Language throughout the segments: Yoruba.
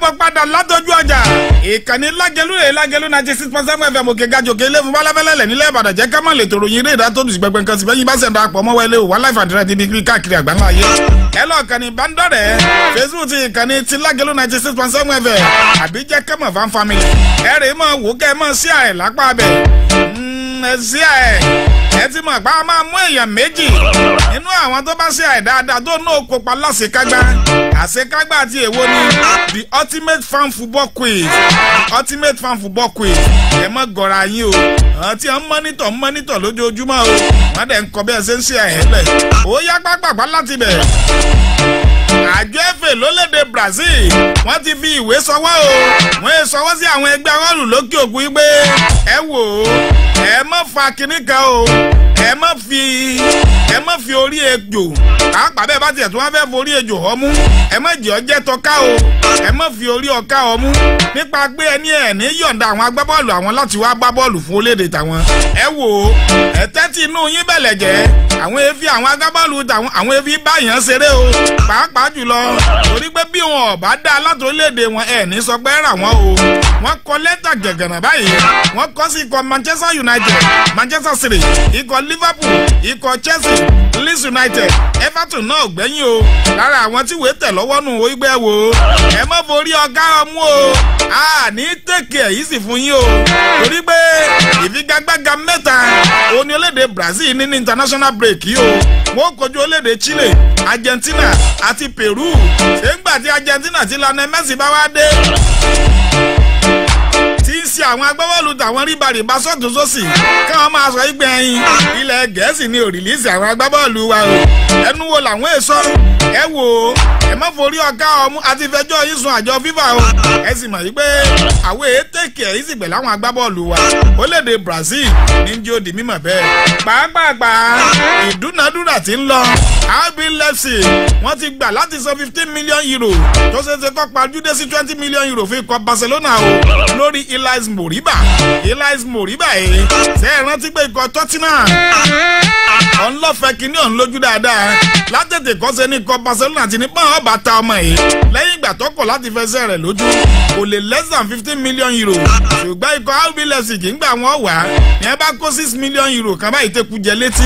káàbọ̀ padà látọjú ọjà ìkànnì lágẹlú rẹ̀ lágẹlú ninety six point seven fm òkè gajòkè ilé-ìfún nílẹ̀ ìbàdàn jẹ́ ká lè tòrò yín eré ìdátòdù gbẹgbẹ nǹkan síbẹ̀ yín bá sẹ̀dá pọ̀ mọ́wọ́ ilé òwà life and direct ibi káàkiri àgbáńlá ayé ẹ lọ kàní bandọ̀rẹ́ facebook ti ìkànnì ti lágẹlú ninety six point seven fm àbí nà sí ẹ̀ ti mọ̀ pé máa mú èèyàn méjì nínú àwọn tó bá ṣe àìdáadáa tó náà kópa lọ́sìkágbá àṣekágbá àti èwo ni the ultimate fan football quiz the ultimate fan football quiz ẹ mọ̀ gọ̀ra yín o àwọn tí wọ́n ń mọ́nítọ̀ ń mọ́nítọ̀ lójoojúmọ́ o wọ́n dẹ̀ ń kọ́ bí ẹ ṣe ń ṣe àìhẹ́lẹ̀ ó yá pápápá láti bẹ̀ àjọ efe lólédè Brazil wọ́n ti fi ìwé sọwọ́ o wọ́n yẹ sọwọ́ sí àwọn ẹgbẹ́ ọlù lókè òkun yìí pé ẹ wò ó ẹ má fa kinní kan o. ẹ má fi ẹ má fi orí ejò pàápàá bẹ́ẹ̀ bá tiẹ̀ tí wọ́n fẹ́ forí ejò ọmú ẹ má jẹ́ ọjẹ́ tọ́ka o ẹ má fi orí ọ̀ka ọmú nípa pé ẹni ẹ̀ ní yọ̀ǹda àwọn agbábọ́ọ̀lù àwọn láti wá gbá bọ́ọ̀lù fún orílẹ̀-èdè tàwọn ẹ wò ó ẹ tẹ́tí inú yín bẹ̀lẹ̀ jẹ́ àwọn efi àwọn agbábọ́ọ̀lù tàwọn àwọn efi báyàn ṣeré o pàápàá jùlọ torí pé bí wọn ò bá dá látòlédè wọn ẹ ní sọ pé rà wọn o wọ́n kọ lẹ́tà gẹ̀gẹ̀rẹ̀ báyìí wọ́n kọ sí ikọ̀ Manchester United Manchester City ikọ̀ Liverpool ikọ̀ Chelsea Leeds United Everton náà gbẹ̀yìn o lára àwọn tí wèé tẹ̀ lọ́wọ́ nù oígbẹ́ wo ẹ má borí ọ̀gá ọmú o a ní tèkè èyí sì fún yín o torí pé ìfigagbága mẹ́ta òní orílẹ̀-èdè Brazil ní international break yìí o wọ́n kojú orílẹ̀ Chile Argentina àti Peru ṣé ń gbà tí Argentina ti lanẹ Messi bá wá dé ṣe àwọn agbábọ́ọ̀lù tàwọn ríbarìbá sọ́tún sósì káwọn máa sọ igbe ẹyin ilẹ̀ gẹ̀ẹ́sì ni òrìlísì àwọn agbábọ́ọ̀lù wa o ẹnu wo làwọn èso ẹ wò ó ẹ má forí ọ̀gá ọmú àti fẹjọ́ yín sun àjọ fífà o ẹ sì mọ̀ yí pé àwọn èétèkè ẹ̀ ìsìgbẹ̀ láwọn agbábọ́ọ̀lù wa orílẹ̀-èdè Brazil ní jó di mímọ̀ bẹ́ẹ̀ pàápàá ìdúnadúrà ti ń lọ RB Leipzig wọ́n ti gbà láti san fifteen million euro tó ṣeé ṣe kó pa júdé sí twenty million euro fi kọ́ Barcelona o lórí Eli elias moriba elias moriba yìí ṣe é rántí pé ikọ̀ tottenham ọ̀n lọ́fẹ̀ẹ́ kínní ọ̀n lójú dáadáa látètè kọ́sẹ́ ní ikọ̀ barcelona ti ní pọ́n ọba ta ọmọ yìí lẹ́yìn ìgbà tó kọ̀ láti fẹsẹ̀ rẹ̀ lójú kò lè less than fifteen million euro ṣùgbọ́n ikọ̀ rb leipzig ń gbà wọ́n wá yẹn bá kó six million euro kan báyìí tẹ́kù jẹ létí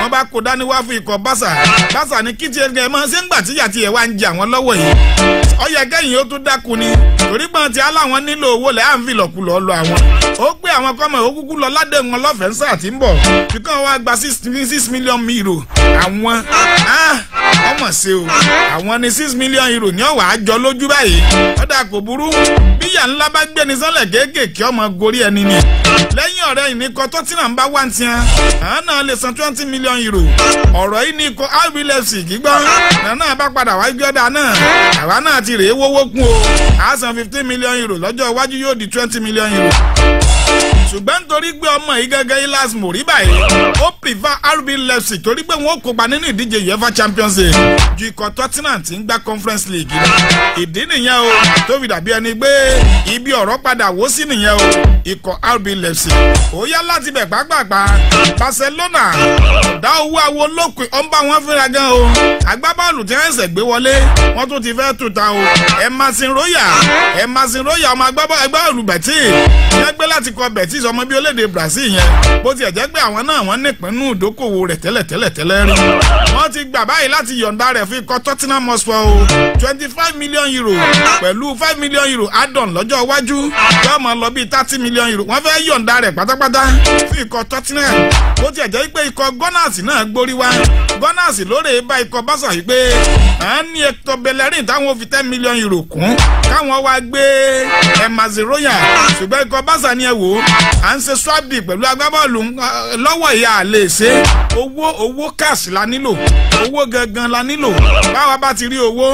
wọ́n bá kó dání wá fún ikọ̀ barca barca ní kí tiẹ̀ gẹ̀ mọ́ ṣé ń gbà tíyà tiẹ̀ wá ń jẹ àwọn lọ́wọ́ yìí ó yẹ kẹ́yìn ó tún dákun ni torí pọ́n ti aláwọn nílò owó lẹ́ à ń fi lọ̀kulọ̀ lọ́ọ́ lọ àwọn. ó gbé àwọn kọ́mọ̀ ó kúkú lọ ládé wọn lọ́fẹ̀ẹ́ sáà tí ń bọ̀. fi kàn wá gba six million euro àwọn. Ah, ọmọ ṣe o àwọn ni six million euro ní ọ̀wà àjọ lójú báyìí ọ̀dà kò burú bíyà ńlá bá gbéni sọ́lẹ̀ kéékèèké ọmọ gorí ẹni ni lẹ́yìn ọ̀rẹ́ ìníkọ tọ́tínà ń bá wá ń tiẹn àwọn lè san twenty million euro ọ̀rọ̀ yìí ní ikọ̀ rblfc gbígbọ́n náà bá padà wá gbọ́dà náà àwa náà ti rèé wọ́wọ́ kún o àá san fifteen million euro lọ́jọ́ iwájú yóò di twenty million euro ṣùgbọ́n nítorí pé ọmọ yìí gẹ́gẹ́ Ilas Moriba yìí ó prefer RB Leipzig torí pé wọn ò kópa nínú UEFA Champions League ju ikọ̀ Tottenham ti ń gbá Conference League ìdí nìyẹn o tó fi dàbí ibi ọ̀rọ̀ padà wó sí nìyẹn o ikọ̀ RB Leipzig ó yá láti bẹ̀ gbàgbàgbà Barcelona dá owó awo lókun ó ń bá wọn o agbábọ́ọ̀lù tí wọ́n ṣẹ̀ gbé wọlé wọ́n tún ti fẹ́ tuta o ọmọ bẹ̀tì francis ọmọ bíi olédè brazil yẹn bó tiẹ̀ jẹ́ pé àwọn náà wọ́n nípínú ìdókòwò rẹ̀ tẹ́lẹ̀tẹ́lẹ̀tẹ́lẹ̀ rí wọ́n ti gbà báyìí láti yọ̀ǹda rẹ̀ fún ikọ̀ tottenham hotspur o twenty five million euro pẹ̀lú five million euro add-on lọ́jọ́ iwájú yóò máa lọ bíi thirty million euro wọ́n fẹ́ yọ̀ǹda rẹ̀ pátápátá Fi ikọ̀ tottenham bó tiẹ̀ jẹ́ pé ikọ̀ gunners náà gborí wá gunners lóore bá ikọ̀ bọ́sà yìí pé à ń ní Hector Bellerin táwọn fi ten million euro kún káwọn wá gbé ẹ̀ mazeroya ṣùgbọ́n ikọ̀ báṣà ni ẹ wò ó à ń ṣe swabdi pẹ̀lú agbábọ́ọ̀lù lọ́wọ́ ìyá àlè ṣe owó owó cash la nílò owó gangan la nílò báwa bá ti rí owó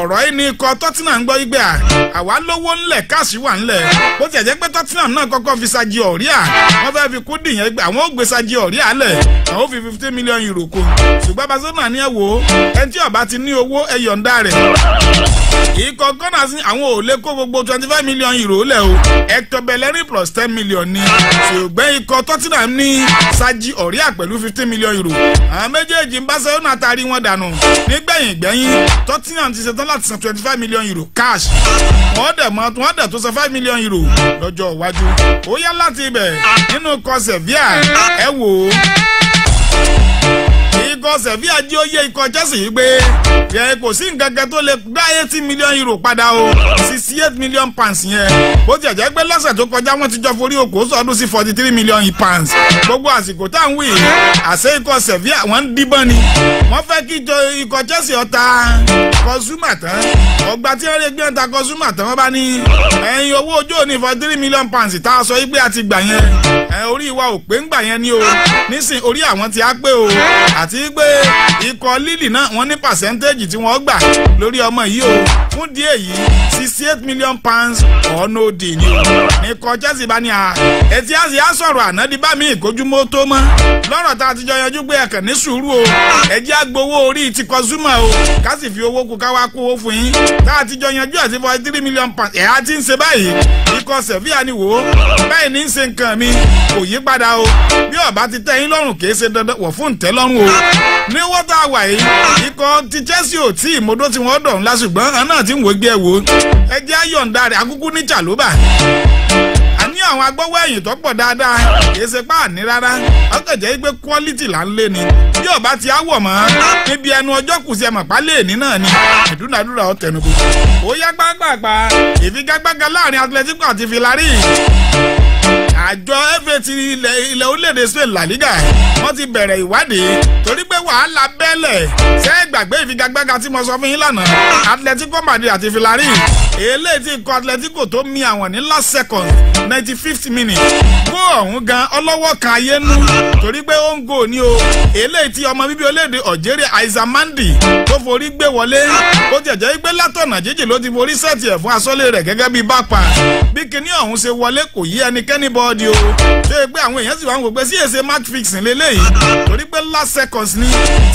ọ̀rọ̀ yìí ni ikọ̀ tọ́tínà ń gbọ́ igbe à àwa lówó ńlẹ̀ cash wà ńlẹ̀ bó tiẹ̀ jẹ́ pé tọ́tínà náà kọ́kọ́ fi ṣáájì ọ̀rí à wọ́n fẹ́ fi kú dìyẹn gbé àwọn ó gbé ṣáájì ọ̀rí lẹ̀ àwọn ó fi fifteen million euro kù ṣùgbọ́n Barcelona ni ẹ wò ó ẹni tí ọba ti ní owó ẹ yọ̀ǹda àwọn lè kó gbogbo twenty five million euro lẹ̀ o Hector Bellerin plus ten million ni ṣùgbọ́n ikọ̀ Tottenham ní Serge Aurier pẹ̀lú fifteen million euro àwọn méjèèjì ń Barcelona taari wọn dànù nígbẹ̀yìn gbẹ̀yìn Tottenham ti ṣetán láti san twenty five million euro cash wọ́n dẹ̀ mọ́ wọ́n dẹ̀ tó san five million euro lọ́jọ́ iwájú ó yá láti ibẹ̀ nínú kọsẹ̀ bíà ẹ wò ó ọ̀sẹ̀ bí ajé ó yé ikọ̀ Chelsea yìí pé yẹ kò sí nǹkan tó lè dá eighty million euro padà o sixty eight million pounds yẹn bó ti ẹ̀jẹ̀ pé lọ́sẹ̀ tó kọjá wọ́n ti jọ forí okò sọdún sí forty three million pounds gbogbo àsìkò tá à ń wí àṣẹ ikọ̀ Sevilla wọ́n ń díbọ́n ni wọ́n fẹ́ kí ikọ̀ Chelsea ọ̀tá Consumer tán ọgbà tí wọ́n lè gbé ọ̀tá Consumer tán wọ́n bá ní ẹ̀yin owó ojú òní forty three million pounds tá a sọ yí pé a ti gbà yẹn orí wa ò ń gbà yẹn ni o nísìn orí àwọn ti á pé o àti pé wípé ikọ̀ lílì náà wọ́n ní pàṣẹ́ntéèjì tí wọ́n gbà lórí ọmọ yìí o fún díẹ̀ yìí sixty eight million pounds or no deal ni o ní kọ Chelsea bá ní a etí àti á sọ̀rọ̀ àná di bá mi ìkójúmọ́ tó mọ́ lọ́rọ̀ tá a ti jọ yanjú pé ẹ̀kàn ní sùúrù o ẹ̀jẹ̀ agbowó orí ti kọ Zuma o ká sì fi owó kù ká wá kó owó fún yín tá a ti jọ yanjú àti forty three million pounds ẹ̀ á ti ń ṣe báyìí ikọ̀ Sevilla ni wò ó báyìí ní í ṣe nǹkan mi kò yí padà o bí ọ̀bá ti tẹ́ yín lọ́rùn kì í ṣe dandan wọ̀ fún ìtẹ́lọ́rùn o ní wọ́tà wà yìí ikọ̀ ti Chelsea ò tí ìmọ̀dó tí wọ́n dọ̀ ńlá ṣùgbọ́n àná tí ń wò gbé ẹ wò ẹ jẹ́ àyọ̀ǹda rẹ̀ akúkú ní chaloba àní àwọn agbọ́wọ́ ẹ̀yìn tó pọ̀ dáadáa kìí ṣe pa àní rárá ọkọ̀ jẹ́ pé quality là ń lé ni bí ọba ti áwọ̀ mọ́ níbi ẹnu ọjọ́ kù sí ẹmọ̀ pálẹ̀ èní náà ni ìdúnadúrà ọ̀tẹ̀nubù ó yá gbàgbàgbà ìfigagbága láàrin Atletico àti Villarreal ẹgbẹ́ ti ilẹ̀ ilẹ̀ orílẹ̀-èdè Spain La Liga wọ́n ti bẹ̀rẹ̀ ìwádìí torí pé wàhálà bẹ́lẹ̀ ṣé gbàgbé ìfigagbága tí mo sọ fún yín lánàá Atletico Madrid àti Villarreal eléyìí tí ikọ̀ Atletico tó mi àwọn ní last second ninety fifth minute kó ọ̀hún gan ọlọ́wọ́ kan ayé nú torí pé ó ń gò ní o eléyìí tí ọmọ bíbí orílẹ̀-èdè Algeria Isamandi tó forí gbé wọlé ó jẹ̀jẹ̀ gbé látọ̀nà jíjì ló ti forí sẹ́ẹ̀tì ẹ̀ fún asọ́lé rẹ̀ gẹ́gẹ́ bí bá pa bí kinní ọ̀hún ṣe wọlé kò yí ẹnikẹ́ni bọ́ọ̀dì o tó yẹ pé àwọn èèyàn sì wá ń wò pé sí èsè match fixing lélẹ́yìí torí pé last seconds ni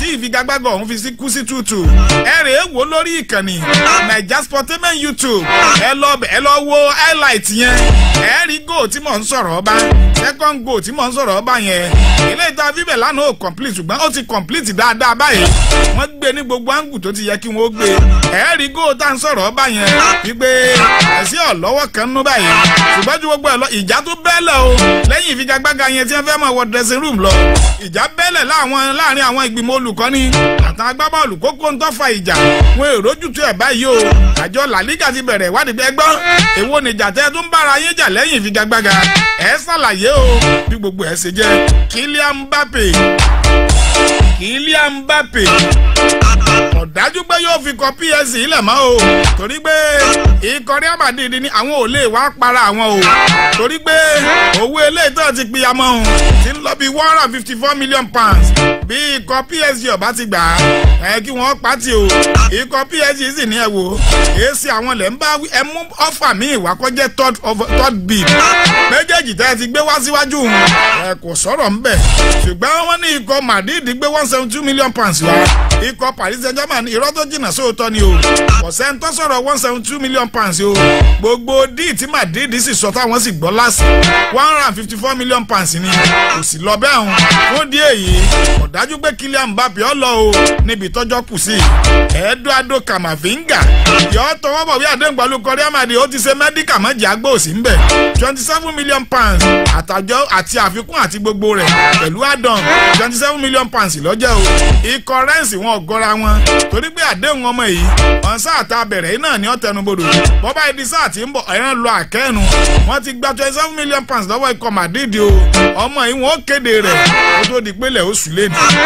tí ìfigagbága ọ̀hún fi sí kú sí tútù ẹ rè é wò lórí ìkànnì naija sportainment youtube ẹ lọ wo highlight yẹn ẹ rí goal tí mò ń sọ̀rọ̀ ọba second goal tí mò ń sọ̀rọ̀ ọba yẹn ilé ìta fíbẹ̀ lánàá ò complete ṣùgbọ́n ó ti complete dáadáa báyìí wọ́n gbé ní gbogbo angu tó ti yẹ kí wọ́n gbé ẹ rí goal tá ń sọ̀rọ̀ ọba yẹn wípé ẹ̀sìn ọ̀lọ́wọ́ kan nú báyìí ṣùgbọ́n ju gbogbo ẹ̀ lọ ìjà tó bẹ́ẹ̀ lẹ̀ o lẹ́yìn lẹ́yìn ìfigagbága yẹn tí wọ́n fẹ́ mọ̀ wọ dressing room lọ. ìjà bẹ́lẹ̀ láàrin àwọn ìgbìmọ̀ olùkọ́ni àtàwọn agbábọ́ọ̀lù kókó ń tọ́fà ìjà wọn èrò jùtú ẹ̀ báyìí o. àjọ làlígà ti bẹ̀rẹ̀ ìwádìí pé gbọ́n èwo nìjà tẹ́ tó ń bára yín jà lẹ́yìn ìfigagbága ẹ̀ ṣàlàyé o bí gbogbo ẹ̀ ṣe jẹ́ Kylian Mbappe Kylian Mbappe kò dájú pé yóò fi kọ psc ilẹ̀ mọ́ o torí pé ikọ̀ Real Madrid ni àwọn ò lè wá para àwọn o torí pé owó eléyìí tó ti piyamọ́ o lọ bí one hundred and fifty four million pounds bí ikọ̀ PSG ọ̀bá ti gbà á ẹ kí wọ́n pàtì o ikọ̀ PSG sì ní ẹ wò èsì àwọn ilẹ̀ ń bá ẹ mú ọ́fà mi ìwà kọjẹ́ third bid méjèèjì tẹ́ ẹ ti gbé wá síwájú òun ẹ kò sọ̀rọ̀ ńbẹ̀ ṣùgbọ́n wọ́n ní ikọ̀ Madrid gbé one seventy two million pounds wá ikọ̀ Paris Saint-Germain irọ́ tó jìnnà sóòótọ́ ni o ọ̀sẹ̀ tó sọ̀rọ̀ one seventy two million pounds o gbogbo díì tí Madrid sì sọ táwọn sì gbọ́ lásì one hundred and fifty four million pounds ni kò sí sì lọ bẹ́ẹ̀ hàn fún díẹ̀ yìí kò dájú pé Kylian Mbappe ọ lọ o níbi tọ́jọ́ kù sí Eduardo Camavinga yọ tọwọ́ bọ̀ bí àdéhùn pẹ̀lú Real ó ti ṣe mẹ́díkà mọ́jì àgbò òsì ń bẹ̀ twenty seven million pounds àtàjọ àti àfikún àti gbogbo rẹ̀ pẹ̀lú adan twenty seven million pounds lọ́jọ́ o ikọ̀ rẹ́ǹsì wọn gọ́ra wọn torí pé àdéhùn ọmọ yìí wọ́n sáà ta kéde rẹ̀ kó tó di pé lẹ̀ ó sùn lé ní.